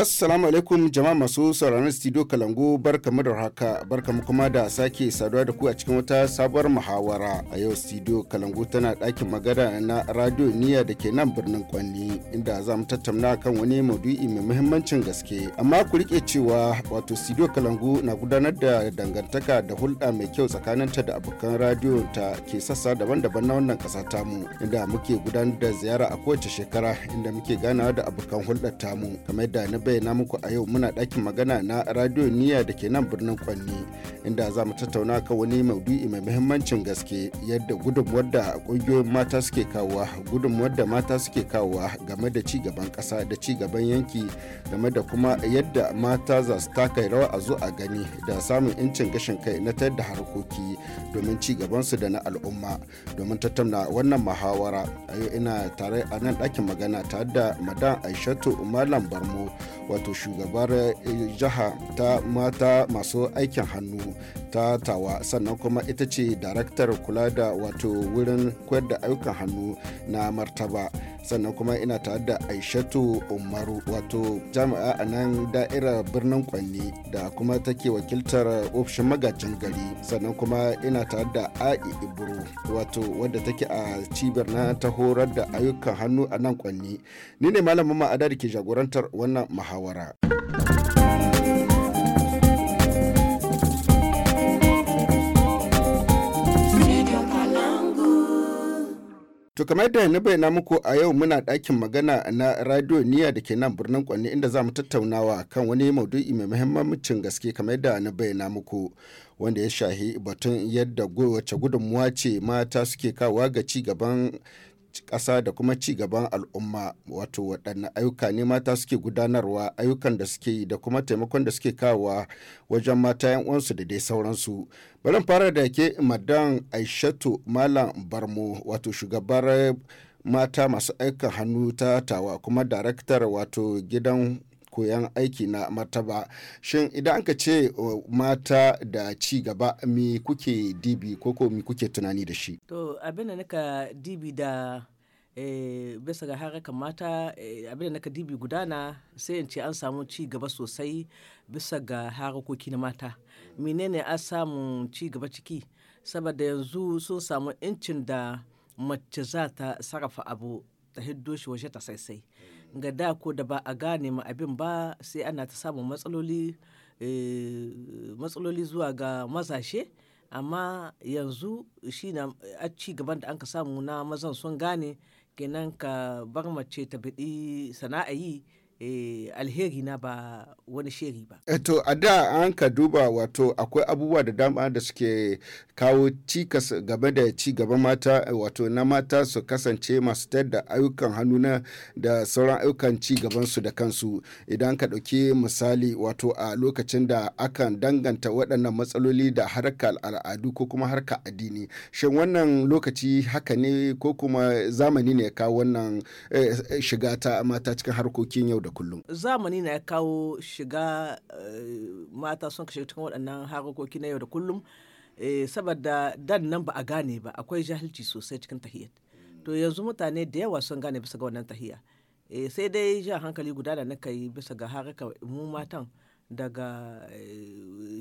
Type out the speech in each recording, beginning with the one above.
Assalamu alaikum jama'a masu sauraron studio Kalangu barkamu da haka barkamu kuma da sake saduwa da ku a cikin wata sabuwar muhawara. A yau studio Kalangu tana ɗakin magana na radio niya da ke nan birnin Kwanni inda za mu tattauna kan wani maudu'i mai muhimmancin gaske. Amma ku rike cewa wato studio Kalangu na gudanar da dangantaka da hulɗa mai kyau tsakaninta da abokan radio ta ke sassa daban-daban na wannan ƙasa mu inda muke gudanar da ziyara a kowace shekara inda muke ganawa da abokan hulɗar tamu kamar da na bayyana muku a yau muna dakin magana na radio niya da ke nan birnin kwanni inda za mu tattauna kan wani maudu'i mai muhimmancin gaske yadda gudunmuwar da ƙungiyoyin mata suke kawowa gudunmuwar da mata suke kawowa game da ci gaban ƙasa da ci gaban yanki game da kuma yadda mata za su taka rawa a zo a gani da samun incin gashin kai na tayar da harkoki domin ci gabansu da na al'umma domin tattauna wannan muhawara a yau ina tare a nan ɗakin magana tare da madan aishatu malam barmo wato shugabar eh, jiha ta mata masu aikin hannu ta tawa sannan kuma ita ce daraktar kula da wato wurin koyar da ayyukan hannu na martaba sannan kuma ina tare da aishatu umaru wato jami'a a nan da'irar birnin kwanni da kuma take wakiltar ofishin magajin gari sannan kuma ina tare da a'i iburu wato wadda take a cibiyar na ta horar da ayyukan hannu a nan kwanni ni ne malamin ma'ada da ke jagorantar wannan muhawara. To kamar yadda na bayyana muku a yau muna ɗakin magana na radio niya da ke nan birnin Kwanne inda za mu tattaunawa kan wani maudu'i mai muhimmancin gaske kamar yadda na bayyana muku wanda ya shahi batun yadda wace gudunmuwa ce mata suke kawo ga ci gaban ƙasa da kuma ci gaban al'umma wato waɗanne ayyuka ne mata suke gudanarwa ayyukan da suke yi da kuma taimakon da suke kawowa wajen mata yan uwansu da dai sauransu barin fara da ke madan aishatu malam barmo wato shugabar mata masu aikin hannu ta tawa kuma daraktar wato gidan koyan aiki na martaba shin idan aka ce mata da ci gaba mi kuke dibi ko ko mi kuke tunani da shi to abin da nika dibi da eh, bisa ga harkar mata eh, abin dibi gudana sai in ce an samu ci gaba sosai bisa ga harkoki na mata menene an samu ci gaba ciki saboda yanzu sun samu incin da mace za ta sarrafa abu ta hiddo shi waje ta saisai ga da ko da ba a gane ma abin ba sai ana ta samun eh, matsaloli zuwa ga mazashe amma yanzu shi na a ci gaban da an ka samu na mazan sun gane kenan ka bar mace ta biɗi sana'a yi eh, alheri na ba wani sheri ba. Eto eh, a da an ka duba wato akwai abubuwa da dama da suke kawo cikas game da ci gaban mata wato na mata su kasance masu tayar da ayyukan hannu na da sauran ayyukan ci gaban da kansu idan ka ɗauki misali wato a lokacin da akan danganta waɗannan matsaloli da harkar al'adu ko kuma harkar addini shin wannan lokaci haka ne ko kuma zamani ne ya kawo wannan eh, shiga ta mata cikin harkokin yau da da kullum zamani na ya kawo shiga eh, mata sun ka shiga cikin waɗannan harkoki na yau da kullum eh, saboda dan nan ba a gane ba akwai jahilci sosai cikin tahiyar to yanzu mutane da yawa sun gane bisa ga wannan tahiya eh, sai dai jan hankali guda da naka yi bisa ga haraka mu matan daga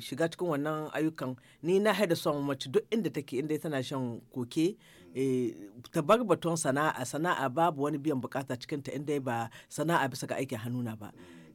shiga cikin wannan ayyukan ni na haida son mace duk inda take inda tana shan koke Eh, ta bar baton sana'a sana'a babu wani biyan bukata cikinta in inda ba sana'a bisa ga aikin hannuna ba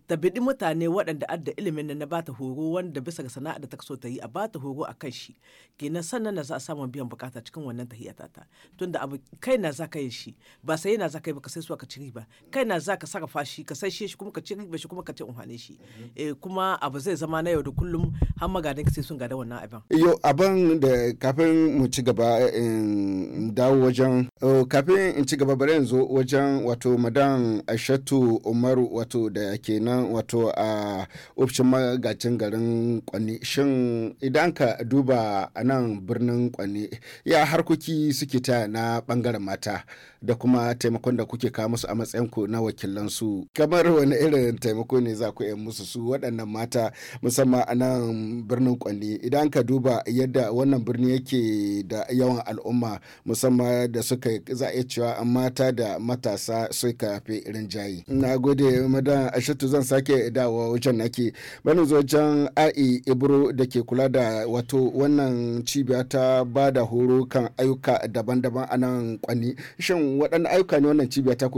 ta biɗi mutane waɗanda adda ilimin na bata horo wanda bisa ga sana'a da ta so ta yi a bata horo a kan shi kenan sannan na za a samu biyan bukata cikin wannan tahiyata ta tunda abu kai na za ka yi shi ba sai na za ka yi ba ka sai suwa ka ciri ba kai na za ka sarrafa shi ka sai shi kuma ka ciri ba shi kuma ka ce unhane shi eh, kuma abu zai zama na yau da kullum har magadan ka sai sun gada wannan abin yo abin da kafin mu ci gaba eh, in dawo wajen oh, kafin in ci gaba bari yanzu wajen wato madan Ashatu Umaru wato da kenan kenan wato a ofishin magajin garin kwanne shin idan ka duba a nan birnin kwanne ya harkoki suke ta na bangaren mata da kuma taimakon da kuke kawo musu a matsayin ku na wakilan su kamar wani irin taimako ne za ku yi musu su waɗannan mata musamman a nan birnin Kwanni idan ka duba yadda wannan birni yake da yawan al'umma musamman da suka za a cewa mata da matasa ka fi irin jayi na gode madan ashatu zan sake dawo wajen nake bani zo can ai ibro da ke kula da wato wannan cibiya ta ba da horo kan ayyuka daban-daban a nan Kwanni shin kenan ayyuka ne wannan cibiya ta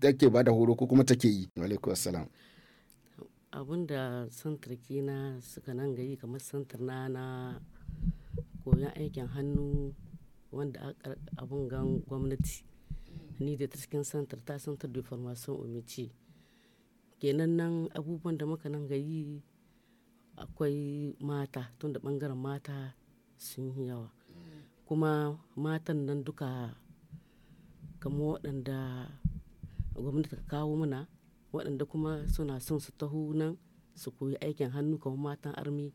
take ba da horo ko kuma take yi alaikum assalam abun santar kina suka nan yi kamar santar na na koyon aikin hannu wanda abun gan gwamnati ni da ta cikin santar ta santar da formation omici kenan nan abubuwan da muka nan yi akwai mata tunda bangaren mata sun yawa kuma matan nan duka kamar waɗanda gwamnati ta kawo mana waɗanda kuma suna son su taho nan su koyi aikin hannu kamar matan armi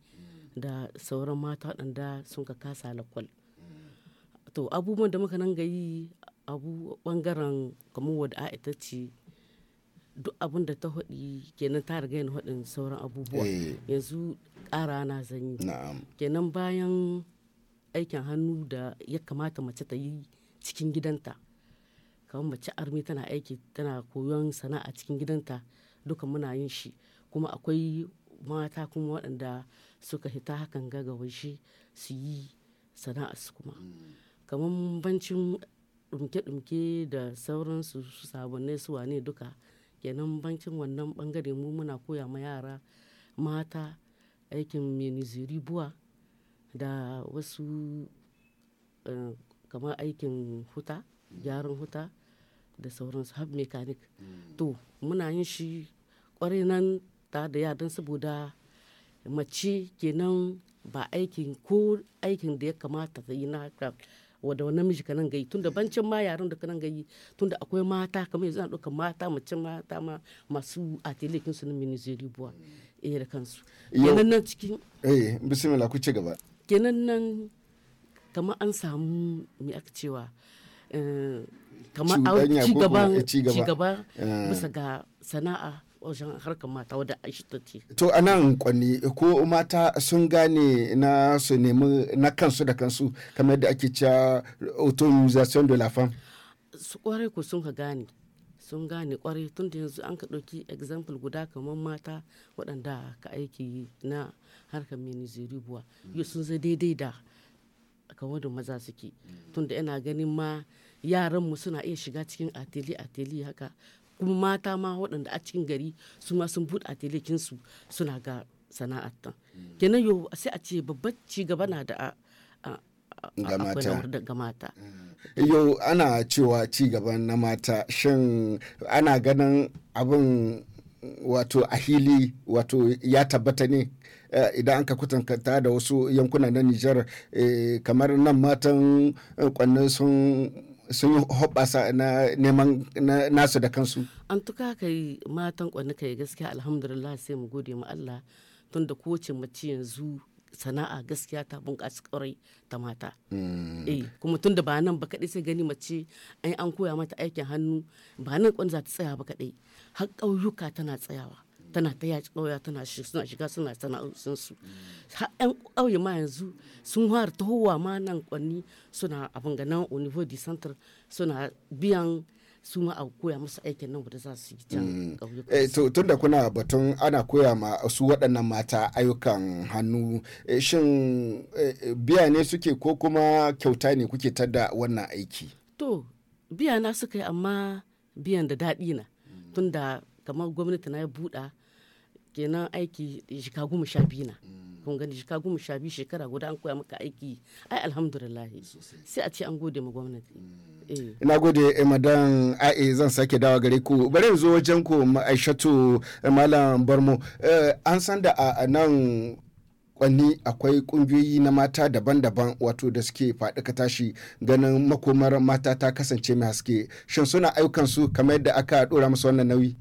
da sauran mata waɗanda sun ka kasa lakwal to abubuwan da muka nan ga abu bangaren kamar wadda a ita ce duk abin da ta haɗi kenan ta riga yin haɗin sauran abubuwa eh. yanzu ƙara na zanyi kenan bayan aikin hannu da ya kamata mace ta yi cikin gidanta kamar mace armi tana aiki tana koyon sana'a cikin gidanta duka muna yin shi kuma akwai mata kuma waɗanda suka hita hakan ga waje su yi sana'a su kuma kamar bancin ɗumke-ɗumke da sauransu su sabonai su wane duka kenan bancin wannan bangare mu muna koya ma yara mata aikin meniziri buwa da wasu eh, kamar aikin huta gyaran huta da sauransu har mechanic hmm. to muna yin shi kwarai nan ta da yaran saboda mace kenan ba aikin ko aikin da ya kamata ta yi na wadda wani namiji ka nan gayi da bancin ma yaran da ka nan gayi tunda akwai mata kamar yanzu na ɗaukar mata mace mata ma masu atelikin su na minizeri buwa iya eh, da kansu kenan nan cikin eh bismillah ku ci gaba kenan nan kamar an samu me aka cewa Eh, kamar a cigaba eh. bisa ga sana'a wajen harkar mata wadda aisha ce. To a nan kwanni ko mata sun gane na su nemi na kansu da kansu kamar yadda ake cewa autorization de la femme. Su kwarai ko sun ka gane sun gane kwarai tun da yanzu an ka ɗauki example guda kamar mata waɗanda ka aiki na harkar mini buwa yau sun zai daidai da wadda maza suke tunda yana ganin ma mu suna iya shiga cikin ateli ateli haka kuma mata ma waɗanda a cikin gari su ma sun buɗe su suna ga ta mm. kenan yau sai a ce babbar ci gaba na da ga mata mm. yau ana cewa ci gaba na mata shin ana ganin abin wato a hili wato ya tabbata ne eh, idan an ka kutanta da wasu yankuna na Nijar eh, kamar nan matan eh, kwanne sun sun yi hoɓasa na neman nasu da kansu. An tuka ka yi matan kwanne ka yi gaskiya alhamdulillah sai mu gode ma Allah tun da kowace mace yanzu sana'a gaskiya ta bunƙasa ƙwarai ta mata. Hmm. Eh kuma tun da ba nan ba kaɗai sai gani mace an koya mata aikin hannu ba nan kwan za ta tsaya ba kaɗai. har ƙauyuka tana tsayawa tana ta yaci ƙauya tana suna shiga suna sana'o'in su har ƴan ƙauye ma yanzu sun fara tahowa ma nan kwanni suna abin ga nan univo di center suna biyan su ma a koya musu aikin nan wanda za su yi can mm. ƙauyuka. Eh, tun da kuna batun ana koya ma su waɗannan mata ayyukan hannu eh, shin eh, biya ne suke ko kuma kyauta ne kuke tada wannan aiki. to biya na suka yi amma biyan da daɗi na. tun da kamar gwamnati na ya buɗa kenan aiki shika goma sha biyu na mm. kun gani shika goma sha biyu shekara guda an koya maka aiki ai alhamdulillah sai a ce an gode ma gwamnati mm. eh. ina gode eh, madan a'e zan sake dawa gare ku bari zo wajen ku ma'aishatu eh, malam barmo an san da a nan kwanni akwai kungiyoyi na mata daban-daban wato da suke faɗi ka tashi ganin makomar mata ta kasance mai haske shin suna su kamar yadda aka ɗora musu wannan nauyi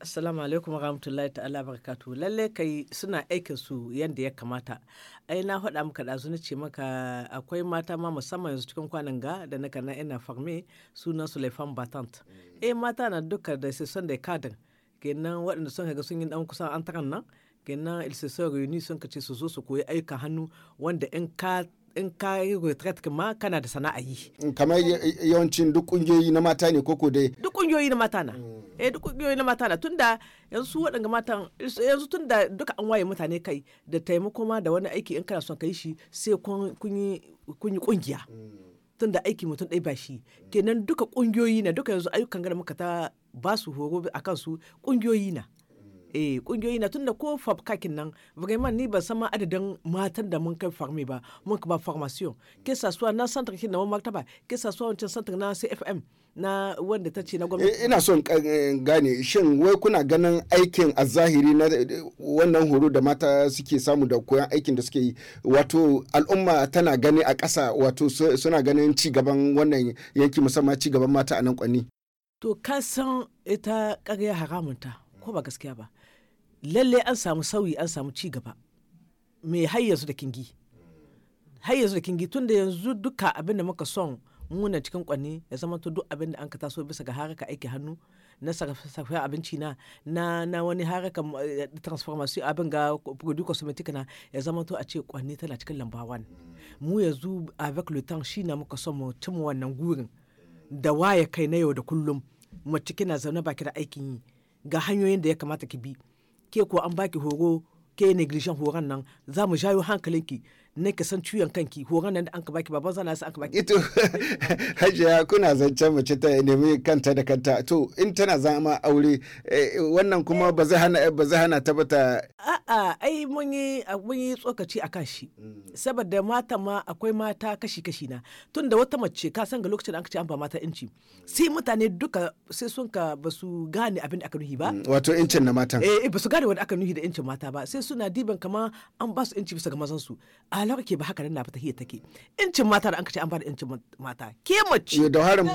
Assalamu alaikum rahmatullahi ta'ala barakatu lalle kai suna aikin su yadda ya kamata ai na faɗa maka ɗazu na ce maka akwai mata ma musamman yanzu cikin kwanan ga da na kana ina farme sunan Sulaifan Batant mm. eh mata na duka da sai son da kadin kenan waɗanda sun ga sun yi dan kusan an taran nan kenan ilse sa reuni sun ka ce su zo su koyi aika hannu wanda in ka in ka yi retret ma kana da sana'a yi. kamar yawancin duk kungiyoyi na mata ne koko dai duk kungiyoyi na mata na mm. eh duk kungiyoyi na mata na tunda yanzu waɗanda matan yanzu tunda duka an waye mutane kai da taimako ma da wani aiki in kana son ka yi shi sai kun yi kungiya mm. tunda aiki mutum ɗaya ba shi kenan duka kungiyoyi na duka yanzu ayyukan gara muka ta ba su horo akan su kungiyoyi na eh kungiyoyi na tunda ko fabkakin nan vraiment ni ba sama adadin matan da mun kai farmi ba mun ba formation ke sasuwa na santar kin na maktaba ke sasuwa wancan santar na CFM na wanda ta ce na gwamnati eh, ina son eh, gane shin wai kuna ganin aikin a zahiri na eh, wannan horo da mata suke samu da koyan aikin da suke yi wato al'umma tana gani a ƙasa wato suna ganin ci gaban wannan yanki musamman ci gaban mata a nan kwanni to ka san ita ƙarya haramunta ko ba gaskiya ba lalle an samu sauyi an samu ci gaba me har da kingi har da kingi tun da yanzu duka abin da muka son muna cikin kwanni ya zama to duk abin da an ka taso bisa ga haraka aiki hannu na sarrafa abinci na na wani haraka eh, transformation abin ga produce cosmetic na ya zama to a ce kwanni tana cikin lamba lambawan mu yanzu avec le temps shi na muka son mu cimma wannan gurin da waya kai na yau da kullum mu ciki na zaune baki da aikin yi ga hanyoyin da ya kamata ki bi ke ko an baki horo ke negligent horon nan za mu jayo hankalinki na ka san ciwon kanki horon nan da an ka baki baban zana an ka baki ito hajiya kuna zancen mace ta nemi kanta da kanta to in tana zama aure eh, wannan kuma ba zai hana ba zai hana ta bata a'a ai mun yi mun yi tsokaci akan shi mm. saboda mata ma akwai mata kashi kashi na tunda wata mace ka san ga lokacin da an ce an ba mata inci sai mutane duka sai sun ka ba su gane abin da aka nuhi ba mm, wato incin na matan eh, eh ba su gane wanda aka nuhi da incin mata ba sai suna diban kama an ba su inci bisa ga mazan su ba ke ba haka nan na fita hiyar take incin mata da an kace an ba da incin mata ke mace eh, da harin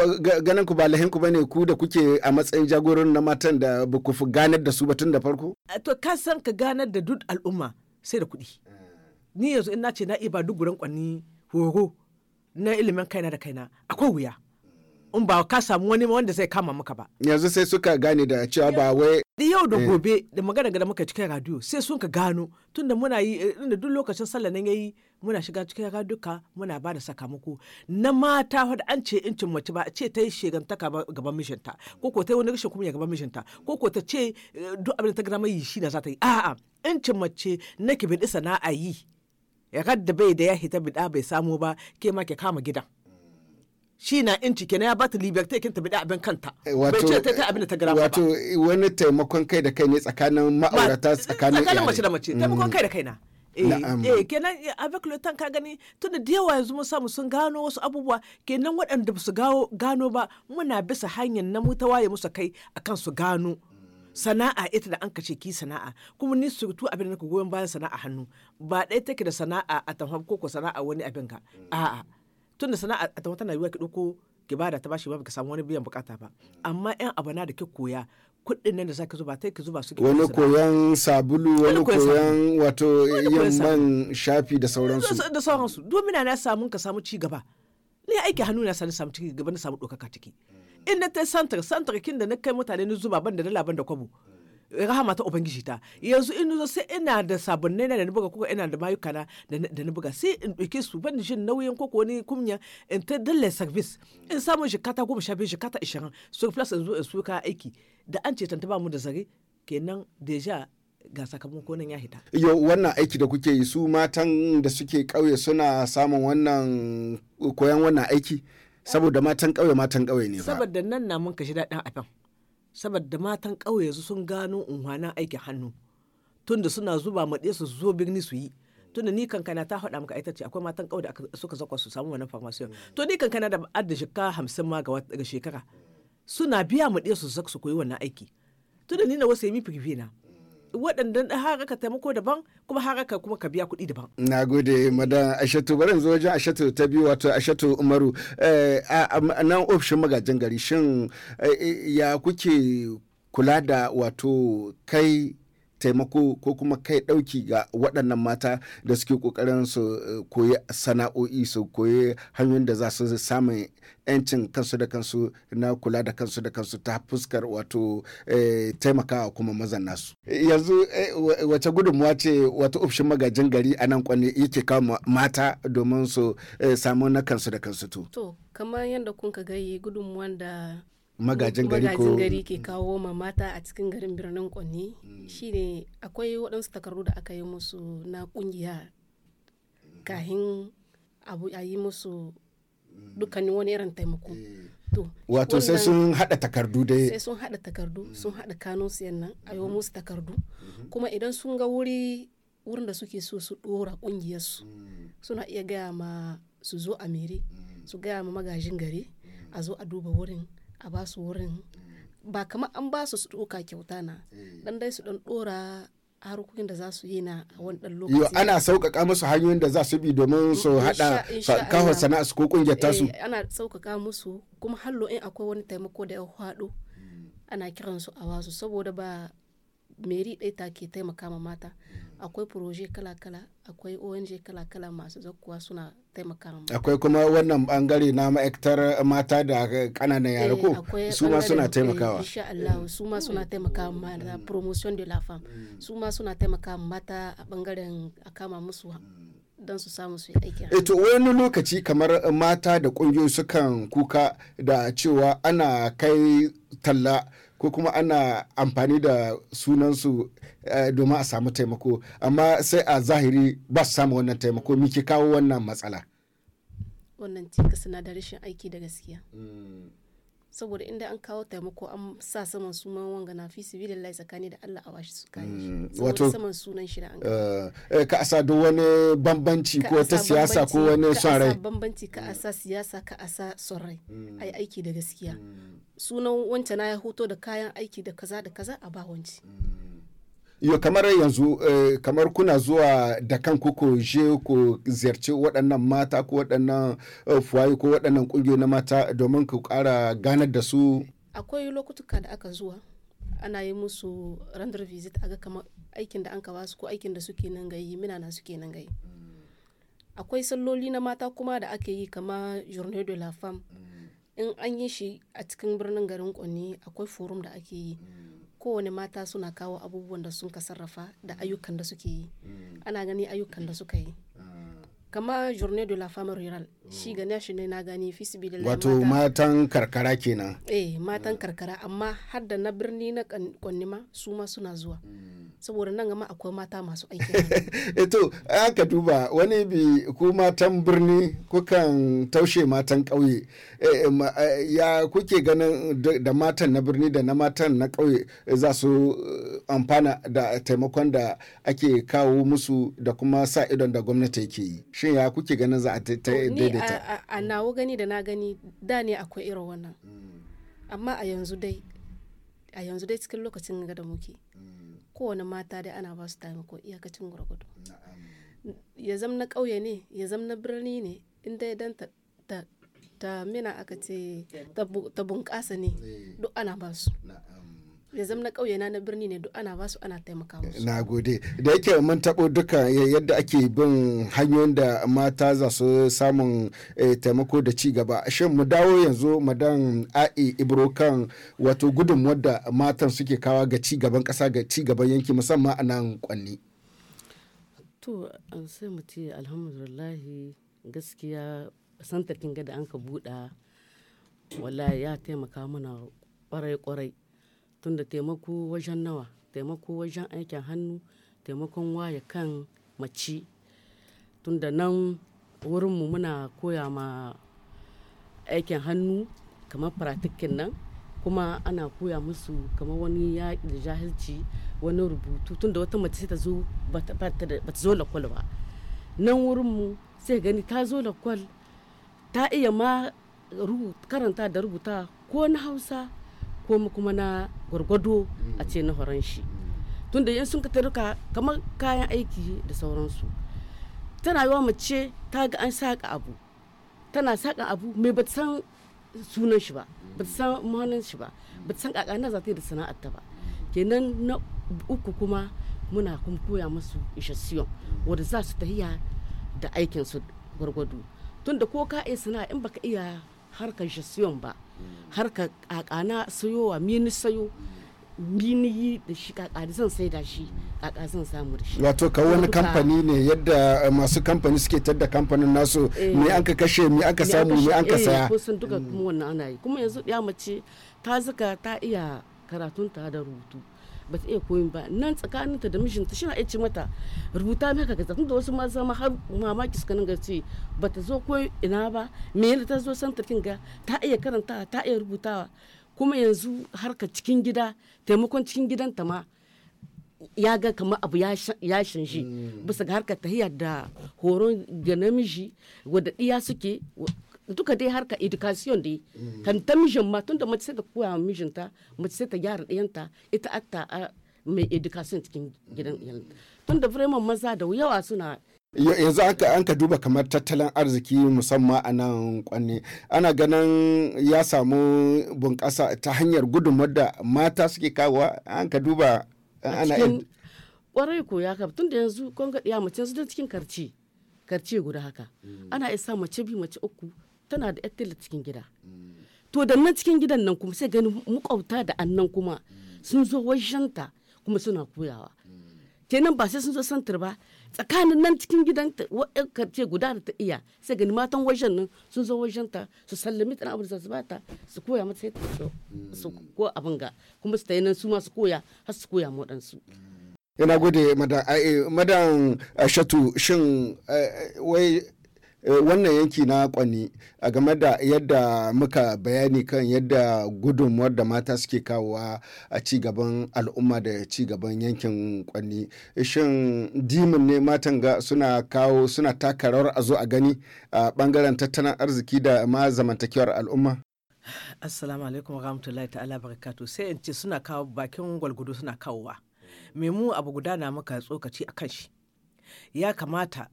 ganin ku ba lahin ku bane ku da kuke a matsayin jagoran na matan da ba ku ganar da su ba tun da farko eh, to ka san ka ganar da duk al'umma sai da kuɗi ni yanzu in na ce na iya ba duk gurin kwanni horo na ilimin kaina da kaina akwai wuya in ba ka samu wani wanda zai kama maka ba yanzu sai suka gane da cewa ba wai yau da eh. gobe da magana da muka cikin radio sai sun ka gano tunda muna yi inda eh, duk lokacin sallah nan yayi muna shiga cikin raduka muna ba da sakamako na mata wadda an ce incin mace ba ce ta yi shegantaka gaban mijinta ko ko ta yi wani rashin kuma gaban mijinta ko ko ta ce eh, duk abin da ta mai yi shi na za ta yi a'a incin mace na ki bi n'a yi ya da bai da ya hita bida bai samu ba ke ma ke kama gidan shi na inci kenan ya bata liberty kin ta da abin kanta bai ce ta abin da ta gara wato wani taimakon kai da kai ne tsakanin ma'aurata tsakanin tsakanin mace da mace mm. taimakon kai da kai eh, na eh kenan eh, avec le temps ka gani tun da yawa yanzu mun samu sun gano wasu abubuwa kenan waɗanda ba su gano ba muna bisa hanyar na mu ta waye musu kai akan su gano sana'a ita da an kace ki sana'a kuma ni tu abin da ku goyon bayan sana'a hannu ba ɗaya take da sana'a a tamhab ko sana'a wani abin ka a'a tunda sana'a ta wata yiwuwa ki ɗauko ki bada ta bashi ba ka samu wani biyan bukata ba amma yan abu na da ke koya kuɗin nan da zaka zuba tai ki zuba su wani koyan sabulu wani koyan wato yin man shafi da sauransu da sauransu domin na samu ka samu ci gaba ni aiki hannu na sani samu ci gaba na samu ɗaukaka ciki in na ta santar santar kin da na kai mutane ni zuba ban da dala ban da kwabo rahama ta ubangiji ta yanzu in zo sai ina da sabonnai na da na buga ko ina da mayuka na da na buga sai in ɗauke su ban jin nauyin ko wani kumya in ta dalle service in samu jikata goma sha biyu jikata ishirin so plus in zo in suka aiki da an ce ba mu da zage kenan deja ga sakamako nan ya hita. yo wannan aiki da kuke yi su matan da suke ƙauye suna samun wannan koyan wannan aiki saboda matan ƙauye matan ƙauye ne ba. Saboda nan na mun kashi daɗin afan saboda matan ƙauye sun gano unhwanan aikin hannu tunda suna zuba maɗe su zo birni su yi tunda ni kankana ta faɗa maka ita ce akwai matan ƙauye da suka zakwa su samu wannan farmasiyo to ni kankana da adda shika hamsin ma ga shekara suna biya maɗe su zak su koyi wannan aiki tunda ni na wasu yi mi waɗanda har ka taimako daban kuma har ka kuma ka biya kuɗi daban. Na gode madan Ashatu bari zo wajen Ashatu ta biyu wato Ashatu Umaru eh, a nan ofishin magajin gari shin eh, eh, ya kuke kula da wato kai taimako ko kuma kai ɗauki ga waɗannan mata da suke ƙoƙarin su eh, koyi sana'o'i su koyi hanyoyin da za su samu 'yancin kansu da kansu na kula da kansu da kansu ta fuskar wato eh, taimakawa kuma mazan nasu yanzu eh, wace gudunmuwa ce wata ofishin magajin gari a nan kwanne yake kawo mata domin su samu na kansu da kansu to kamar yadda kun ka gayi gudunmuwan da magajin gari ko gari ke kawo ma mata a cikin garin birnin kwanni mm. shine akwai waɗansu takardu da aka yi musu na kungiya mm. kahin abu a yi musu mm. dukkanin wani irin taimako eh. wato sai sun hada takardu dai sai sun hada takardu sun hada kanun siyan nan a yi mm-hmm. musu takardu mm-hmm. kuma idan sun ga wuri wurin da suke so su dora ƙungiyarsu suna iya gaya ma su zo a mere su gaya ma magajin gari a zo a duba wurin a ba su wurin ba kama an ba su su doka kyauta na eh. dan dai su dan ɗora harkokin da za su yi na wani ɗan lokaci. Yo ana sauƙaƙa musu hanyoyin da za su bi domin su haɗa kahon sana'a su ko ƙungiyar tasu. Eh, ana sauƙaƙa musu kuma hallo in akwai wani taimako da ya hado hmm. ana kiransu a wasu saboda ba meri ɗaya ta ke taimaka ma mata akwai proje kala-kala akwai ong kala-kala masu zakuwa suna taimaka ma akwai kuma wannan bangare na ma'aikatar mata da kananan yara ko eh, su ma suna taimakawa eh, insha Allah su ma suna taimaka ma mata promotion de la femme hmm. su ma suna taimaka ma mata a bangaren a kama musu don su samu su yi aiki eh, to wani lokaci kamar mata da kungiyoyi sukan kuka da cewa ana kai talla ko kuma ana amfani da sunansu eh, domin a samu taimako amma sai a zahiri ba su samu wannan taimako muke kawo wannan matsala wannan cikas da rashin aiki da gaskiya mm. saboda inda an kawo taimako an sa saman sunan wanga na fi sibilillahi tsakani da Allah a washe su kare mm, wato saman sunan shi da an kawo eh, eh, ka asa do wani bambanci ko ta siyasa ko wani son rai bambanci ka asa siyasa ka asa son rai yi mm. aiki da gaskiya mm. sunan wancan na ya hoto da kayan aiki da kaza da kaza a ba wanci Yo kamar yanzu eh, kamar kuna zuwa da kan ku je ku ziyarci waɗannan mata ko waɗannan eh, fuwaye ko waɗannan ƙungiyoyi na mata domin ku ƙara ganar da su. Akwai lokutuka da aka zuwa ana yi musu randar visit aga kamar aikin da an ka basu ko aikin da suke nan gayi mina na suke nan gayi. Akwai salloli na mata kuma da ake yi kama Journée de la Femme. in an yi shi a cikin birnin garin kwanni akwai forum da ake yi kowane mata suna kawo abubuwan da sun ka sarrafa da mm. ayyukan da suke yi mm. ana gani ayyukan da suka yi ah. kama journée de la femme rural oh. shi gane shi ne na gani wato matan karkara kenan eh matan ah. karkara amma har da na birni na kwanima su ma suna zuwa mm. saboda nan gama akwai mata masu aiki eh, to aka duba wani bi ku matan birni kukan taushe matan ƙauye eh, eh, ya kuke ganin da matan na birni da na matan na ƙauye za su amfana da taimakon da ake kawo musu da kuma sa idon da gwamnati yake yi shin ya kuke ganin za a daidaita a nawo gani da na gani da ne akwai irin wannan hmm. amma a yanzu dai a yanzu dai cikin lokacin da muke hmm. kowane mata dai ana ba su taimako iyakacin gwargwado ya zam na ƙauye ne ya zam na birni ne inda ya dan ta mina aka ce ta bunƙasa ne eh. duk ana ba su ya zama na ƙauye na na birni ne duk ana basu ana taimaka musu na gode da yake mun taɓo duka yadda ake bin hanyoyin da mata za su samun eh, taimako da ci gaba shin mu dawo yanzu madan a'i ibro kan wato gudun wadda matan suke kawa ga ci gaban ƙasa ga ci gaban yanki musamman a nan kwanni to an sai mu ce alhamdulillahi gaskiya santarkin gada an ka buɗa wala ya taimaka mana kwarai-kwarai tunda taimako wajen nawa taimako wajen aikin hannu taimakon waya kan mace tunda nan wurinmu muna koya ma aikin hannu kamar faratikin nan kuma ana koya musu kamar wani yaƙi da jahilci wani rubutu tunda wata mace ta zo ba ta zo lakwal ba nan wurinmu sai gani ta zo lakwal ta iya ma karanta da rubuta ko na hausa ko kuma na gwargwado mm. a ce na horon shi tunda yan sun ka taruka kamar kayan aiki da sauransu tana yawa mace ta ga an saka abu tana saka abu mai ba san sunan shi ba ba san mahanin shi ba ba san na za ta yi da sana'ar ta ba kenan na uku kuma muna kuma koya masu ishasiyon wanda za su tahiya da aikin su gwargwado tunda ko ka iya sana'a in baka iya harkar jasiyon ba harkar kakana sayowa mini sayo mini yi da shi kakani zan sai da shi kaka zan samu da shi wato ka wani kamfani ne yadda eh, masu kamfani suke tadda kamfanin nasu eh. me an ka kashe me an ka samu me an ka eh, saya duka kuma mm. wannan ana yi kuma yanzu ya mace ta zuka ta iya Karatun ta da rubutu ba ta iya koyin ba nan tsakaninta da mijinta shi na mata rubuta mai haka gaza tunda wasu maza ma har mamaki suka nan ce ba ta zo koyi ina ba me yadda ta zo santa kin ga ta iya karanta ta iya rubutawa kuma yanzu harka cikin gida taimakon cikin gidanta ma ya ga kamar abu ya shinji mm. bisa ga harkar tahiyar da horon ga namiji wadda iya suke duka dai harka education dai ta mijin ma tunda mace sai ta koya wa mijinta mace sai ta gyara ɗayanta ita atta mai education cikin gidan iyalin tunda vraiment maza da yawa suna yanzu an ka duba kamar tattalin arziki musamman a nan kwanne ana ganin ya samu bunƙasa ta hanyar gudunmawar da mata suke kawowa an ka duba ana kwarai ko ya kafa tunda yanzu kwan ga ya mace yanzu cikin karci karci guda haka mm. ana isa mace bi mace uku tana da da cikin gida to da nan cikin gidan nan kuma sai gani mukauta da annan kuma sun zo wajenta kuma suna koyawa kenan ba sai sun zo santar ba tsakanin nan cikin gidan ta karce guda da ta iya sai gani matan wajen nan sun zo wajen ta su sallami tana abu da su bata su koya mata sai su ko abin ga kuma su tayi nan su ma su koya har su koya ma waɗansu. ina eh, gode madan eh, shatu shin eh, wai Eh, wannan yanki na kwani a game da yadda muka bayani kan yadda gudunmuwar da mata suke kawowa a ci al'umma da cigaban yankin kwani eh, shin dimin ne matan ga suna kawo suna taka rawar a zo a gani a bangaren tattalin arziki da ma zamantakewar al'umma assalamu alaikum warahmatullahi ta'ala barakatu sai in ce suna kawo bakin gwalgudu suna kawowa me mu abu guda na muka tsokaci akan shi ya kamata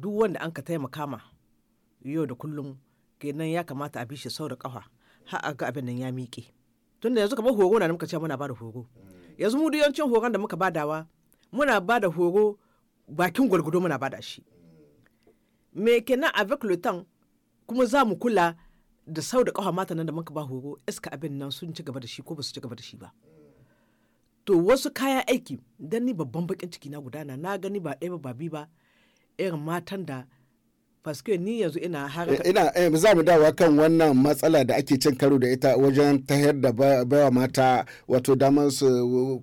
duk wanda an ka taimaka ma yau da kullum kenan ya kamata a bi shi sau da kafa har a ga abin nan ya miƙe tunda yanzu kamar horo na muka ce muna bada horo yanzu mu duk yawancin horon da muka badawa muna bada horo bakin gwargwado muna bada shi me kenan a le kuma za mu kula da sau da kafa mata nan da muka ba horo iska abin nan sun ci gaba da shi ko ba su ci gaba da shi ba to wasu kaya aiki dan ni babban bakin ciki na gudana na gani ba ɗaya ba ba bi ba irin matan da faske ni yanzu ina har eh, ina eh, za mu dawa kan wannan matsala da ake cin karo da ita wajen ta da baiwa mata wato damar su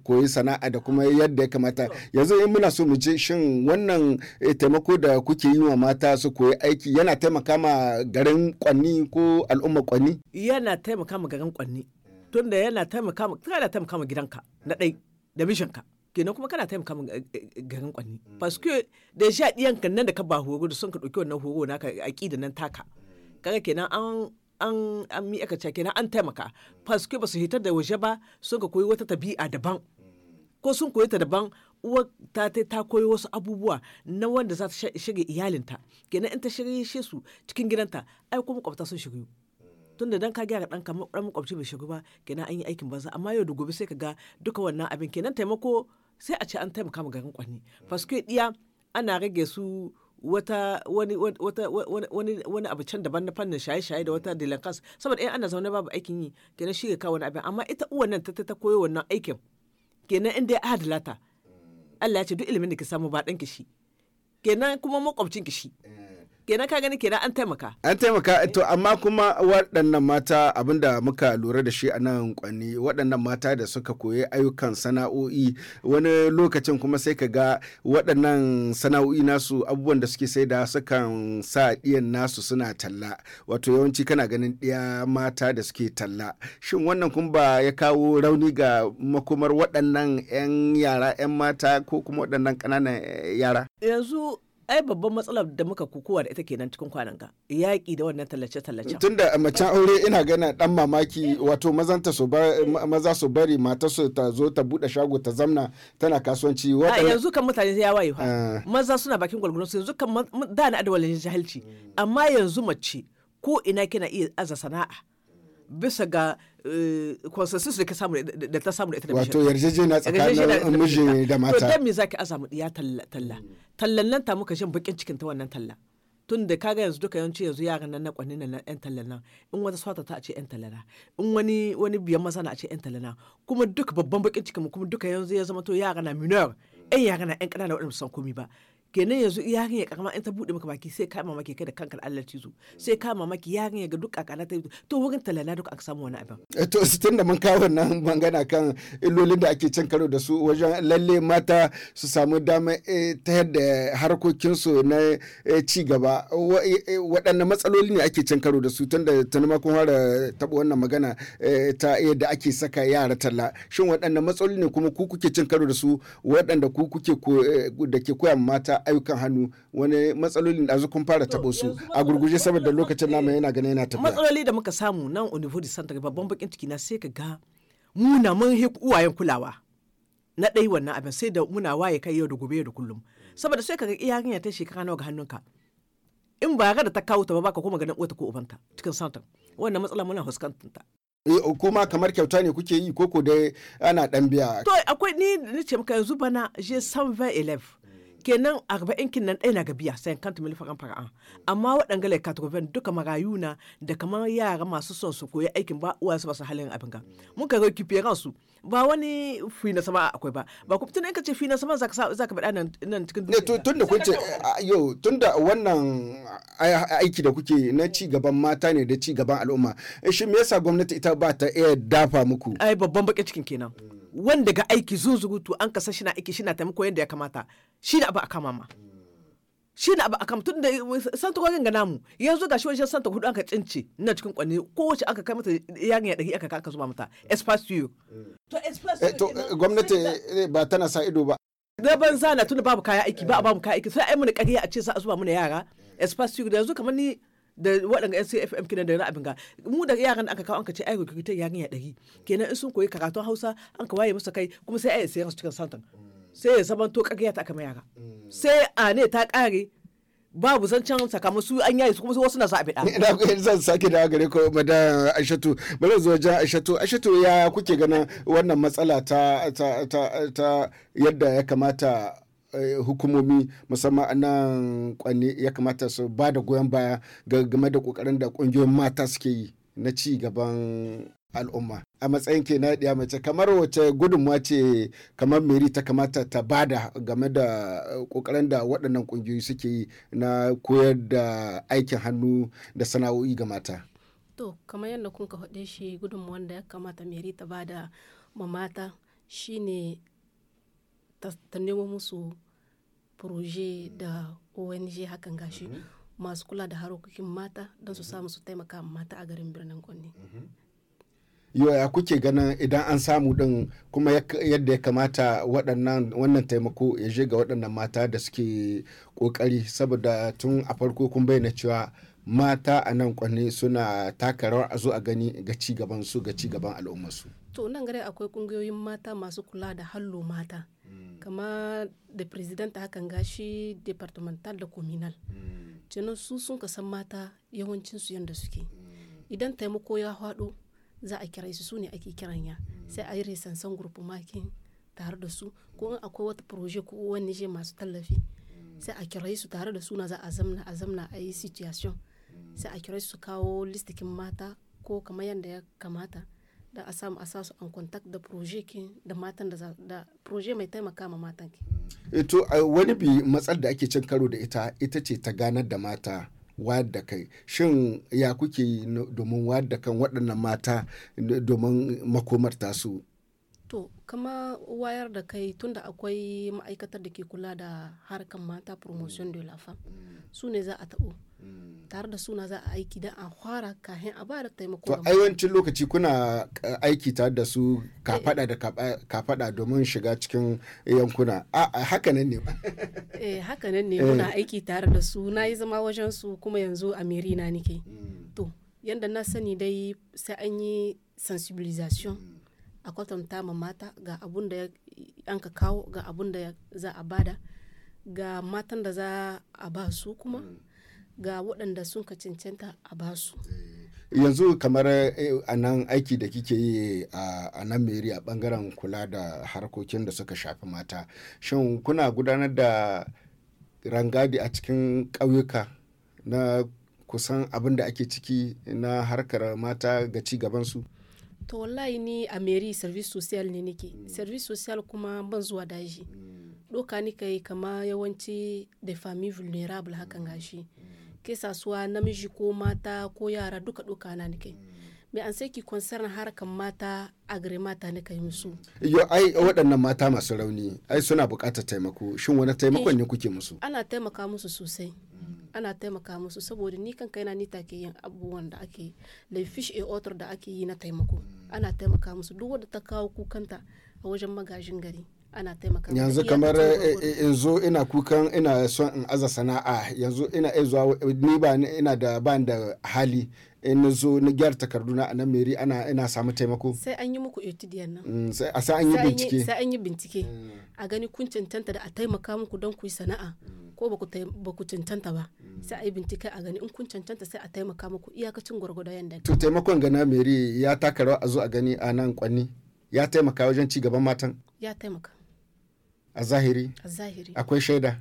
koyi sana'a da kuma yadda ya kamata yanzu in muna so mu ji shin wannan eh, taimako da kuke yi wa mata su koyi aiki yana taimaka ma garin kwanni ko al'umma kwanni yana taimaka ma garin kwanni tunda yana taimaka ma taimaka ma gidanka na dai da mishinka kenan kuma kana taimaka min eh, eh, eh, garin kwanni paske da sha diyan kan nan da ka ba horo da sun ka dauki wannan horo naka aqida nan taka kaga kenan an an an mi aka kenan an taimaka paske ba su hitar da waje ba sun ka koyi wata tabi'a daban ko sun koyi ta daban uwa ta ta koyi wasu abubuwa na wanda za ta shige iyalinta kenan in ta shirye su cikin gidanta ai kuma kwabta sun shiryu tun da dan ka gyara ɗan kamar makwabci bai shigo ba kenan an yi aikin banza amma yau da gobe sai ka ga duka wannan abin kenan taimako sai a ce an taimaka ma garin kwanni paske iya ana rage su wata wani wata wani wani abu can daban na fannin shaye-shaye da wata dilankas saboda in ana zaune babu aikin yi kenan shi ka wani abin amma ita uwan nan ta ta koyo wannan aikin kenan in dai adalata Allah ya ce duk ilimin da ki samu ba ɗan ki shi kenan kuma makwabcin ki shi eh. kenan ka gani kenan an taimaka an taimaka eh, to amma kuma waɗannan mata abinda muka lura da shi a nan kwanni waɗannan mata da suka koyi ayyukan sana'o'i wani lokacin kuma sai ka ga waɗannan sana'o'i nasu abubuwan da suke sai da sukan sa ɗiyan nasu suna talla wato yawanci kana ganin ɗiya mata da suke talla shin wannan kun ba ya kawo rauni ga makomar waɗannan 'yan yara 'yan mata ko kuma waɗannan ƙananan eh, yara yanzu ai babban matsalar da muka kukuwa da ita kenan cikin kwanan ka. yaƙi da wannan tallace tallace tunda a macen aure ina gana dan mamaki wato mazanta su maza su bari mata su ta zo ta bude shago ta zamna tana kasuwanci a yanzu kan mutane ya waye fa ah. maza suna bakin gwalgwalon su yanzu kan da na adawalin jahilci amma yanzu mace ko ina kina iya aza sana'a bisa ga Eh, consensus da ka samu da ta samu da ita da wato yarjejeniya tsakanin miji da mata to dan me zaki azamu ya talla talla tallan nan ta muka jin bakin cikin ta wannan talla tun da kaga yanzu duka yawanci yanzu yaran nan na kwanin nan yan tallan nan in wata swata ta a ce yan tallana in wani wani biyan masa na a ce yan tallana kuma duka babban bakin cikin mu kuma duka yanzu ya zama to yara na minor yan yara na yan kanana wani san komi ba kenan yanzu ya karama in ta bude maka baki sai ka mamaki kai da kanka Allah cizo sai ka mamaki yarinya ga duk kakana ta to wurin talana duk aka samu wani abin eh, to tunda mun kawo wannan magana kan illolin da ake cin karo da su wajen lalle mata su samu dama eh, ta yadda harkokinsu na eh, ci gaba waɗanne matsaloli ne ake cin karo da su tunda ma kun fara taɓa wannan magana ta yadda ake saka yara talla shin waɗanne matsaloli ne kuma ku kuke cin karo da su waɗanda ku kuke da ke koya mata ayyukan hannu wani matsaloli da kun fara taɓo su a gurguje saboda lokacin namu yana gane yana tafiya matsaloli da muka samu nan univodi de santa babban bakin ciki na sai ka ga muna mun hi uwayen kulawa na dai wannan abin sai da muna waye kai yau da gobe da kullum saboda sai ka ga iyayen ta shekara nawa ga hannunka in ba ga da ta kawo ta ba ka koma ganin uwata ko ubanta cikin santa wannan matsala muna fuskantar ta eh, kuma kamar kyauta ne kuke yi koko dai ana dan biya to akwai ni ni ce maka yanzu bana je 120 élèves kenan arba'in kin nan ɗaya na gabiya kan kanta mil faran fara'an amma waɗanga lai katroven duka marayu na da kamar yara masu son su koyi aikin ba uwa su basu halin abin ga mun ka ran su ba wani fi na sama akwai ba ba ku tunda in ka ce fi na sama zaka zaka bada nan nan cikin ne tunda kun ce yo tunda wannan aiki da kuke na ci gaban mata ne da ci gaban al'umma eh, shi me yasa gwamnati ita ba ta iya dafa muku ai babban bakin cikin kenan wanda ga aiki zunzugutu an kasa shi na aiki shi na taimako yadda ya kamata shi da abu a kama ma. shi na abu akam tun da kogin ga namu yanzu ga shi wajen santa hudu aka tsince na cikin kwanne kowace aka kai mata yarin ya ɗari aka aka zuba mata espacio to eh, to eh, gwamnati eh, ba tana sa ido ba da ban zana tun babu kaya aiki ba a babu kaya aiki sai a yi mana ƙarya a ce sa a zuba mana yara espacio da yanzu kamar ni da waɗanda ncfm kinan da na abin ga mu da yaran aka kawo an ka ce ai rikirita yarinya ya ɗari kenan in sun koyi karatun hausa an ka waye masa kai kuma sai yi sayan su cikin santan sai ya zamanto ƙarya ta kama mai yara mm. sai a ne ta ƙare babu zancen sakamu su an yayi su kuma wasu na sa a Ina ku zan sake da gare ko madan Aishatu bari zuwa jan Aishatu Aishatu ya kuke ganin wannan matsala ta ta yadda ya kamata eh, hukumomi musamman anan kwani kwanne ya kamata su ba da goyon baya game da kokarin da kungiyoyin mata suke yi na ci gaban al'umma a matsayin ke na ya mace kamar wace gudunmuwa ce kamar meri ta kamata ta bada game da uh, ƙoƙarin da waɗannan ƙungiyoyi suke yi na koyar da aikin hannu da sana'o'i ga mata to kamar yadda kun ka faɗe shi gudunmuwan da ya kamata meri ta bada ma mata shine ta nemo musu proje da ong hakan gashi mm-hmm. masu kula da harkokin mata don su samu su taimaka mata a garin birnin kwanne. Mm-hmm. yoya kuke ganin idan an samu din kuma yadda ya kamata waɗannan wannan taimako ya je ga waɗannan mata da suke ƙoƙari saboda tun a farko kun bayyana cewa mata a nan kwanne suna taka rawar a zo a gani ga ci gaban su ga ci gaban al'ummarsu. to nan gare akwai kungiyoyin mata masu kula da hallo mata hmm. kama da president hakan gashi departmental da communal cinan hmm. su sun kasan mata yawancinsu yanda suke hmm. idan taimako ya haɗo za a kira su su ne ake kiran ya sai a yi resansan gurfi makin tare da su ko in akwai wata proje ko wani je masu tallafi sai a kira su tare da suna za a zamna a zamna a yi situation sai a kira su kawo listikin mata ko kama yadda ya kamata da a samu a sasu an contact da proje da matan da, da proje mai taimaka ma matan ki. Eh to wani bi matsar da ake cin karo da ita ita ce ta ganar da mata wadda kai shin ya kuke yi domin wadda kan waɗannan mata domin makomar tasu to kama wayar da kai tunda akwai ma'aikatar da ke kula da harkar mata promotion de la femme su ne za a taɓo Mm. tare da suna za a aiki da an fara kahin a ba da taimako to yawancin lokaci kuna eh, aiki tare da su kafada da kafada domin shiga cikin yankuna a haka nan ne ba. Eh, haka nan ne muna eh. aiki tare da su na yi zama wajen su kuma yanzu a na nike mm. to yadda na sani dai sai an yi sensibilisation mm. a kwatanta ma mata ga abun da an ka kawo ga abun da za a bada ga matan da za a ba su kuma mm. ga waɗanda sun ka cancanta a basu. Eh, yanzu kamar eh, a nan aiki da kike yi a nan meri a ɓangaren kula da harkokin da suka shafi mata shin kuna gudanar da rangadi a cikin ƙauyuka na kusan abin da ake ciki na harkar mata ga ci gabansu to wallahi ni a meri service social ne nake mm. service social kuma ban zuwa daji mm. doka ni kai kama yawanci da famille vulnerable hakan mm. gashi mm. kesasuwa sasuwa namiji ko mata ko yara duka duka na nake mai an sai ki concern harkan mata a gare mata ne kai musu yo ai waɗannan mata masu rauni ai suna buƙatar taimako shin wani taimakon ne kuke musu ana taimaka musu sosai ana taimaka musu saboda ni kan kaina ni take yin abubuwan da ake da fish a otter da ake yi na taimako ana taimaka musu duk wanda ta kawo kukanta a wajen magajin gari ana taimaka yanzu kamar eh, eh, in zo ina kukan ina son in aza sana'a yanzu ina zuwa ni ba ina da ban da hali in zo na gyara takarduna a nan meri ana ina samu taimako sai an yi muku etudiyan nan mm, a sai an yi bincike sai an yi bincike mm. a gani kun cancanta da a taimaka muku don ku yi sana'a mm. ko ba ku cancanta ba sai a yi bincike a gani in kun cancanta sai a taimaka muku iyakacin gwargwado yanda to taimakon ga na meri ya taka rawa a zo a gani a nan kwanni ya taimaka wajen ci gaban matan ya taimaka a zahiri akwai shaida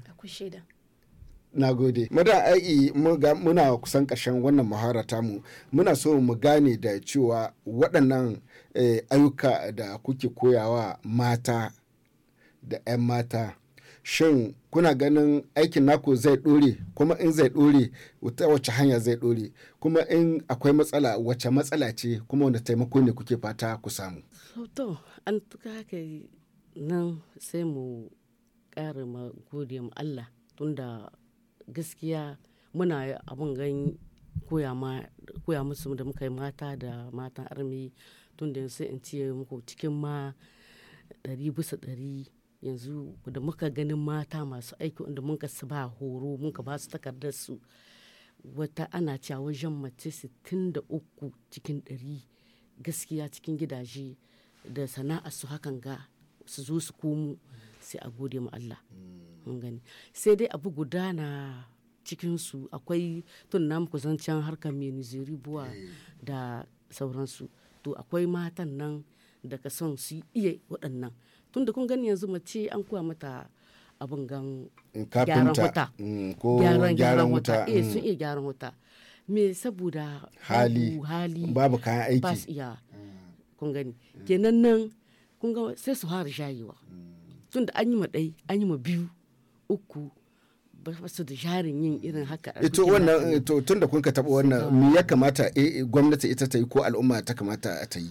na gode mada ai muna kusan ƙarshen wannan muhara tamu muna so mu gane da cewa waɗannan eh, ayyuka da kuke koyawa mata da 'yan mata shin kuna ganin aikin naku zai ɗore kuma in zai ɗore wata wace hanya zai ɗore kuma in akwai matsala wace matsala ce kuma wanda taimako ne kuke fata ku samu. to an tuka nan sai mu ƙara ma gode ma Allah tunda gaskiya muna abin gan koya musu da muka yi mata da matan armi tunda yanzu sai in ce muku cikin ma ɗari bisa ɗari yanzu da muka ganin mata masu aiki wanda muka su ba horo muka ba su takardar su wata ana cewa wajen mace 63 cikin ɗari gaskiya cikin gidaje da sana'a su hakan ga su zo su komo sai a gode mu Allah mun gani sai dai abu guda gudana cikinsu akwai tun namu kusancen harkar meniziri buwa eh. da sauransu to akwai matan nan da ka son su iya waɗannan tun da kun gani yanzu mace an kuwa mata abin gan mm, gyaran wuta mm, ko gyaran wuta eh mm. sun iya gyaran wuta me saboda hali babu kayan aiki ba su iya kun gani kenan nan kun ga sai su fara shayewa tunda an yi ma ɗai an yi ma biyu uku ba su da jarin yin irin haka ito eh, wannan eh, tun da kun ka taɓa wannan me ya kamata eh, gwamnati ita ta yi ko al'umma ta kamata a ta yi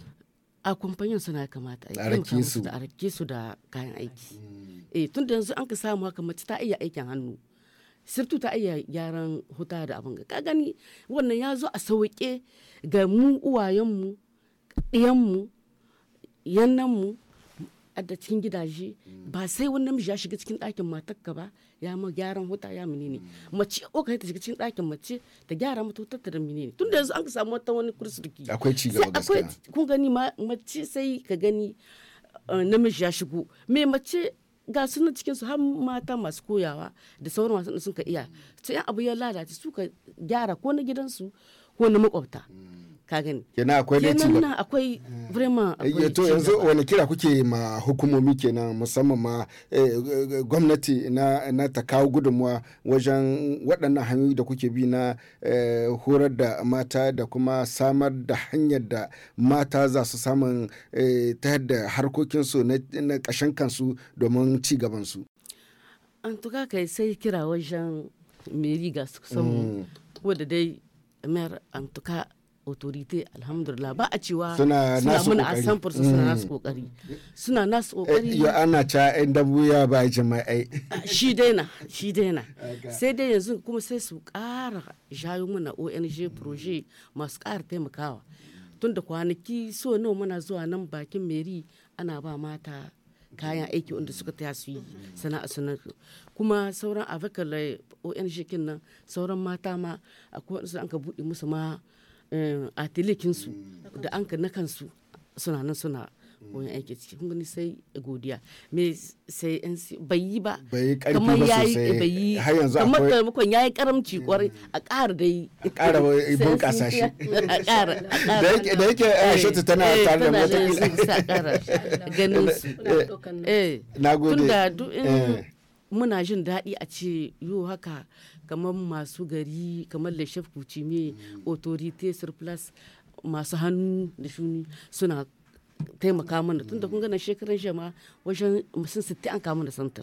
a kumfanyin suna kamata a yi da arake su da kayan aiki hmm. eh tun da yanzu an ka samu haka mace ta iya aikin hannu sirtu ta iya gyaran huta da abin ka gani wannan ya zo a sauƙe ga mu uwayenmu ɗiyanmu yannanmu da cikin gidaje ba sai wani namiji ya shiga cikin ɗakin matarka ba ya ma gyaran huta ya ne mace ko ka ta shiga cikin ɗakin mace ta gyara mata hutar ta da ne tun da yanzu an ka samu wata wani kursuki akwai ci gaba gaskiya kun gani mace sai ka gani eh, namiji ya shigo me mace ga suna cikin su har mata masu koyawa da sauran wasan sun ka iya sai abu ya lalace su ka gyara ko na gidansu ko na makwabta ka gani kenan akwai laifi kenan akwai vraiment eh, akwai to yanzu wani kira kuke ma hukumomi kenan musamman ma eh, gwamnati na na ta kawo gudunmuwa wajen waɗannan hanyoyi da kuke bi na eh, horar da mata da kuma samar da hanyar da mata za su samun ta da harkokinsu na ƙashen kansu domin ci gabansu an tuka kai sai kira wajen meri ga su samu mm. wadda dai mayar an tuka authority alhamdulillah ba a cewa suna mun a san suna mm. nasu kokari suna nasu eh, kokari ya ana ca ɗan dabuya ba jama'ai shi daina shi daina sai dai yanzu kuma sai su ƙara jayo muna ONG projet masu ƙara taimakawa tun da kwanaki so nawa muna zuwa nan bakin meri ana ba mata kayan aiki wanda suka taya su yi sana'a sunan kuma sauran avakala ong kin nan sauran mata ma akwai wadansu an ka buɗe musu ma Eh, atilikin su mm. da an ka na kansu suna nan suna koyon aiki ciki kun gani sai godiya me sai yan bai yi ba kamar yayi bai yi kamar da mukon yayi karamci kwarai a ƙara yi a ƙara bunƙasa shi a ƙara da yake eh, eh, shata tana tare da mata a ƙara ganin su eh nagode da duk muna jin daɗi a ce yo haka kamar masu gari kamar leshef kucime mm. autorite place, masu hannu da shuni suna taimaka mana tunda kun gana shekaran shema wajen sun sitti an kama da santa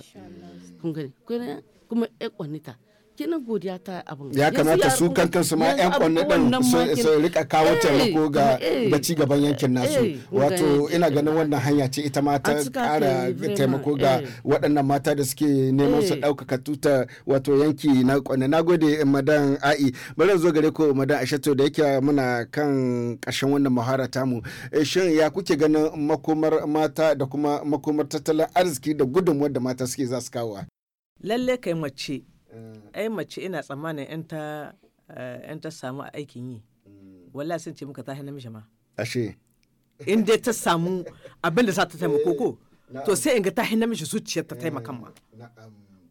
kun gani kuma ekonita kenan godiya ta abin ya kamata su kankan su ma yan kwanne din su rika kawo eh, taimako ga eh, ga gaban yankin eh, nasu wato ina ganin wannan hanya ce ita ma ta kara taimako ga waɗannan mata da suke neman su ɗaukaka tuta wato yanki na kwanne nagode madan a'i bari zo gare ko madan ashato da yake muna kan ƙarshen wannan muhara mu shin ya kuke ganin makomar mata da kuma makomar tattalin arziki da gudunmuwar da mata suke za su kawo lalle kai mace ai mace ina tsammanin in ta eh, samu aikin yi mm. walla sun ce muka tashi namiji ma ashe in dai ta samu abin da za ta taimako ko to sai in ga tashi namiji zuciyar ta taimakan ma eh,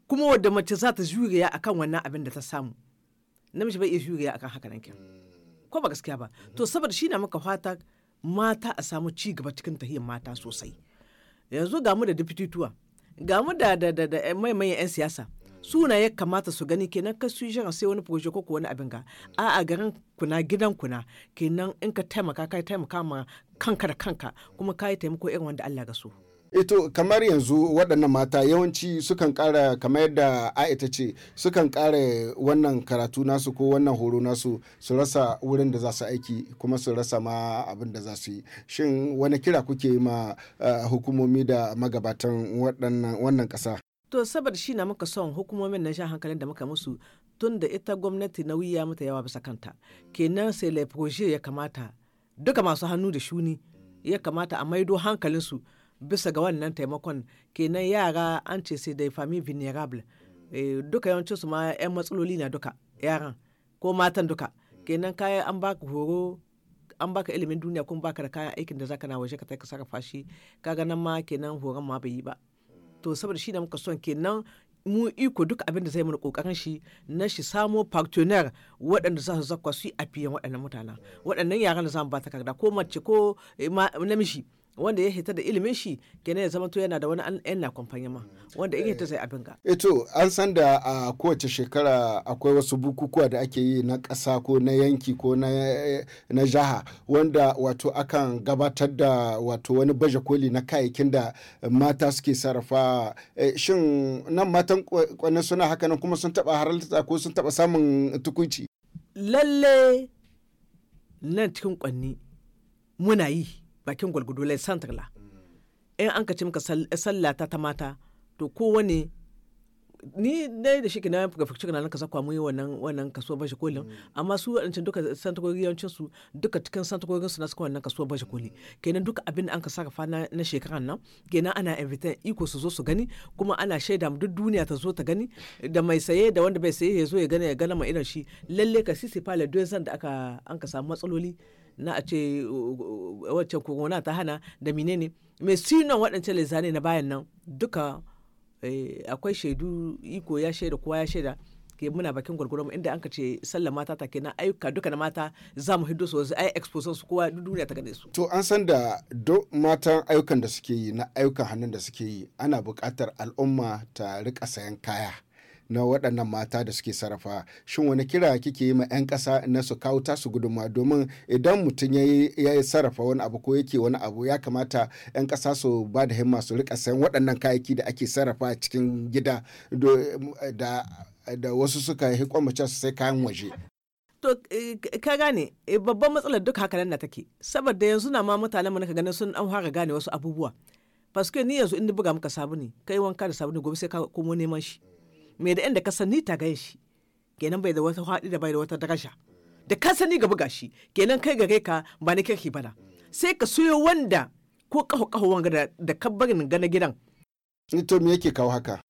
kuma wadda mace za ta juriya akan wannan abin da ta samu namiji bai iya juriya akan haka nan mm. ko ba gaskiya ba mm-hmm. to saboda shi na muka fata mata a samu ci gaba cikin tahiyar mata sosai yanzu ga mu da dipitituwa ga mu da da da eh, maimayin 'yan siyasa suna ya kamata su gani kenan ka su shirin sai wani proje ko wani abin ga a a garin kuna gidan kuna kenan in ka taimaka ka taimaka ma kanka da kanka kuma ka yi taimako irin wanda Allah ga su. ito eh kamar yanzu waɗannan mata yawanci sukan ƙara kamar yadda a'ita ce sukan ƙara wannan karatu nasu ko wannan horo nasu su rasa wurin da za su aiki kuma su rasa ma abin da za su yi shin wani kira kuke yi ma eh, hukumomi da magabatan wannan ƙasa to saboda shi na muka son hukumomin na shan hankalin da muka musu tun da ita gwamnati na wuya mata yawa bisa kanta kenan sai projet ya kamata duka masu hannu da shuni ya kamata a maido hankalinsu bisa ga wannan taimakon kenan yara an ce sai dai fami vulnerable eh, duka yawancinsu ma 'yan matsaloli na duka yaran ko matan duka kenan kayan an baka horo an baka ilimin duniya kuma baka da kayan aikin da zaka na waje ka ka sarrafa shi kaga nan ma kenan horon ma bai yi ba to saboda shi da muka son kenan mu iko duk abin da zai mana kokarin shi na shi samo partner waɗanda za su zakwa a fiye waɗannan mutanen waɗannan yaran da za mu ba karda ko mace ko eh, namiji wanda ya hita da ilimin shi kenan ya zama to yana da wani yan kwamfanya ma wanda ya hita sai abin ga eto eh an san da a kowace shekara akwai wasu bukukuwa da ake yi na ƙasa ko na yanki ko na na jaha wanda wato akan gabatar da wato wani baje koli na kayayyakin da mata suke sarrafa eh, shin nan matan kwanan suna haka nan kuma sun taba haralta ko sun taba samun tukunci lalle nan cikin kwanni muna yi bakin gwalgudu lai santarla in an ka maka sallah ta tamata to kowane ni dai da shi na ga fikcin na kasa kwamu yi wannan wannan kaso bashi kolin amma su wadancan duka santakori yawancin su duka cikin santakorin su na suka wannan kaso bashi koli kenan duka abin da an ka sarrafa na, na shekaran nan kenan ana invitan iko su zo su gani kuma ana shaida mu duk duniya ta zo ta gani da mai saye da wanda bai saye ya zo ya gane ya gana ma irin shi lalle ka sisi fa zan da aka an ka samu matsaloli na a ce waccan kogona ta hana da menene mai sinon waɗancan lizane na bayan nan duka eh, akwai shaidu iko ya shaida kowa ya shaida ke muna bakin gwargwaron inda an ka ce sallar mata ta kenan ayyuka duka na mata za mu hiddo su wasu ai exposition su kowa duniya ta gane su. to an san da duk matan ayyukan da suke yi na ayyukan hannun da suke yi ana buƙatar al'umma ta riƙa sayan kaya. na waɗannan mata da suke sarrafa shin wani kira kike yi ma 'yan ƙasa na su kawo tasu guduma domin idan mutum ya yi sarrafa wani abu ko yake wani abu ya kamata 'yan ƙasa su ba da himma su rika sayan waɗannan kayayyaki da ake sarrafa a cikin gida da wasu suka yi kwamace su sai kayan waje. To eh, ka gane eh, babban matsalar duk haka nan na take saboda yanzu na ma mutanen mu ka ganin sun an fara gane wasu abubuwa. Paske ni yanzu inda buga maka sabuni kai wanka da sabuni gobe sai ka komo neman shi. mai da da ka sani ta gaya shi kenan bai da wata haɗi da bai da wata daraja da ka sani ga buga shi kenan kai ga kai ka ba na kirki bana sai ka suyo wanda ko kaho kaho wanga da kabbarin gana gidan to me yake kawo haka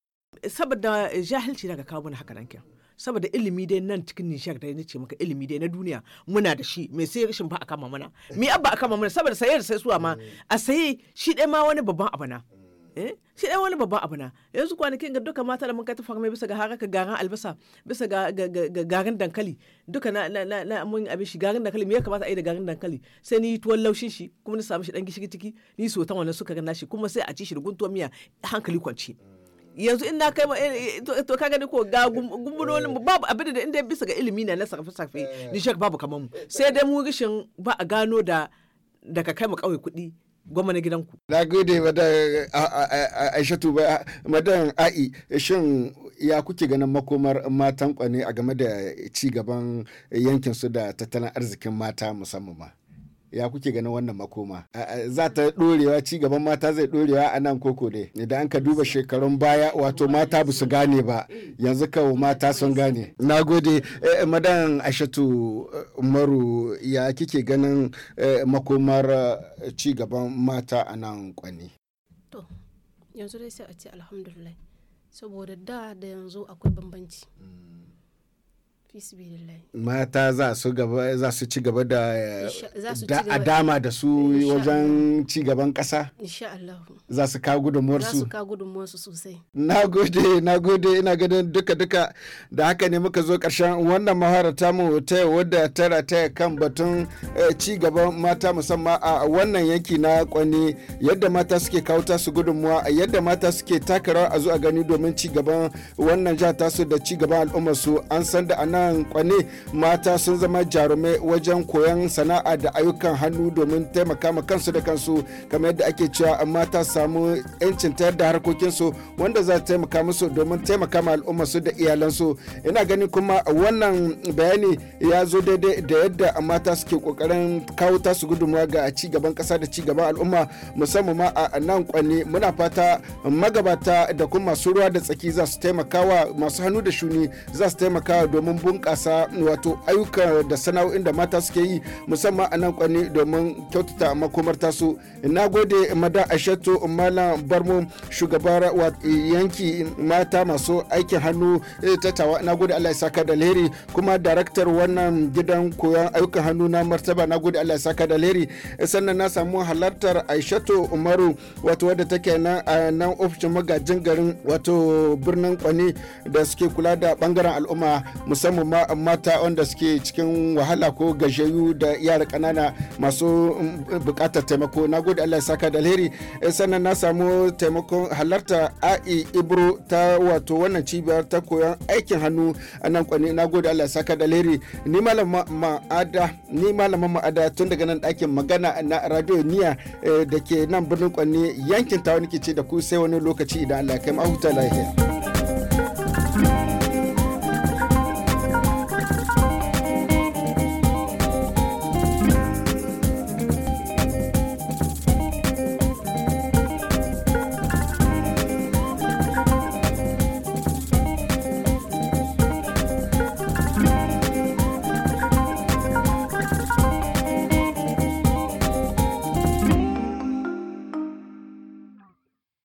saboda jahilci daga kawo mana haka nan kenan saboda ilimi dai nan cikin nishar da ya ce maka ilimi dai na duniya muna da shi mai sai rashin ba a kama mana me abba a kama mana saboda saye da sai suwa ma a saye shi dai ma wani babban abana. na Eh? shi dai wani babban abu na yanzu kwanakin ga duka mata da mun kai ta farmai bisa ga haraka garin albasa bisa ga garin dankali duka na na na mun abin shi garin dankali me ya kamata a yi da garin dankali sai ni tuwon laushin shi kuma ni samu shi dan gishiri ciki ni so ta wannan suka na shi kuma sai a ci shi da guntuwar miya hankali kwanci yanzu in na kai ma eh, eh, to ka gani ko ga gumbunonin mu babu abin da inda bisa ga ilimi na na sarfe sarfe ni shek babu kamar mu sai dai mu gishin ba a gano da daga kai mu kauye kuɗi goma na gidanku. Na gode madan Aishatu ba madan A'i shin ya kuke ganin makomar matan kwane a game da ci gaban yankin da tattalin arzikin mata musamman ma. ya kuke ganin wannan makoma za ta dorewa ci gaban mata zai dorewa a nan koko ne idan an ka duba shekarun baya wato mata ba su gane ba yanzu kawo mata sun gane na gode eh, eh, madan aishatu eh, maru ya kike ganin makomar ci gaban mata a nan kwani to yanzu dai sai a ce alhamdulillah saboda da da yanzu akwai bambanci hmm. mata za su ci gaba da a dama da su wajen ci gaban kasa za su ka gudunmuwar su na gode na gode ina ganin duka duka da haka ne muka zo karshen wannan mahara ta mu ta wadda tara ta kan batun eh, ci gaban mata musamman a wannan yanki na kwani yadda mata suke kawo ta su gudunmuwa yadda mata suke taka rawa a zuwa gani domin ci gaban wannan jiha tasu da ci gaban al'ummar su an san da anan nan kwane mata sun zama jarumai wajen koyon sana'a da ayyukan hannu domin taimaka ma kansu da kansu kamar yadda ake cewa mata samu 'yancin tayar da harkokinsu wanda za ta taimaka musu domin taimaka ma al'umma su da iyalansu ina gani kuma wannan bayani ya zo daidai da yadda mata suke kokarin kawo tasu gudunmuwa ga ci gaban kasa da ci gaban al'umma musamman ma a nan kwanne muna fata magabata da kuma masu ruwa da tsaki za su taimakawa masu hannu da shuni za su taimakawa domin bunƙasa wato ayyuka da sana'o'in da mata suke yi musamman a nan kwanni domin kyautata makomar tasu na gode madan aishatu malam barmo shugabar yanki mata masu aikin hannu eh, ta tawa na gode allah ya da alheri kuma daraktar wannan gidan koyon ayyukan hannu na martaba na gode allah ya da alheri eh, sannan na samu halartar aishatu umaru wato wadda take nan a nan ofishin magajin garin wato birnin kwani da suke kula da bangaren al'umma musamman musamman mata wanda suke cikin wahala ko gajayu da yara kanana masu mm, bukatar taimako na gode allah saka da alheri eh, sannan na samu taimakon halarta a'i ibro ta wato wannan cibiyar ta koyon aikin hannu a nan kwani na gode allah saka da alheri ni ma'ada ni malamin ma'ada tun daga nan ɗakin magana na radio niya eh, da ke nan birnin kwani yankin tawa ke ce da ku sai wani lokaci idan allah ya kai ma lafiya.